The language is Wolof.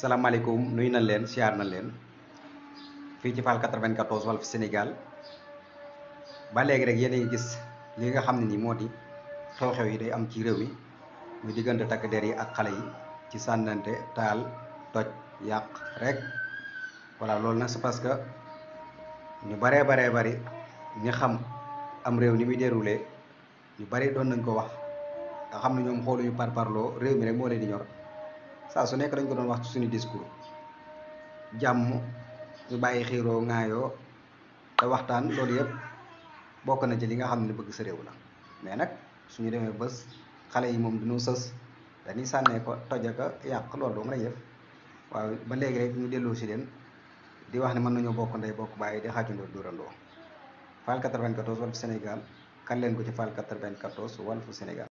salaamaaleykum nuyu na leen siyaar na leen fii ci Fall 94 fi Sénégal ba léegi rek yéen a ngi gis li nga xam ne nii moo di xew-xew yi day am ci réew mi muy diggante takk der yi ak xale yi ci sànnante taal toj yàq rek voilà loolu na ci parce que ñu baree baree bari ñu xam am réew ni muy déroulé ñu bari doon nañ ko wax nga xam ne ñoom par parloo réew mi rek moo leen di ñor. saa su nekk dañ ko doon wax ci suñu discours jàmm ñu bàyyi xiiroo ŋaayoo te waxtaan loolu yëpp bokk na ci li nga xam ne bëgg sa réew la mais nag su ñu demee bës xale yi moom nu sës dañuy sànnee ko toj ak yàq loolu doo mën a yëf waaw ba léegi rek ñu delloo si leen di wax ne mën nañoo bokk ndey bokk bàyyi di xaajandoo dóorandoo Fall 94 Walf Sénégal kan leen ko ci Fall 94 Walf Sénégal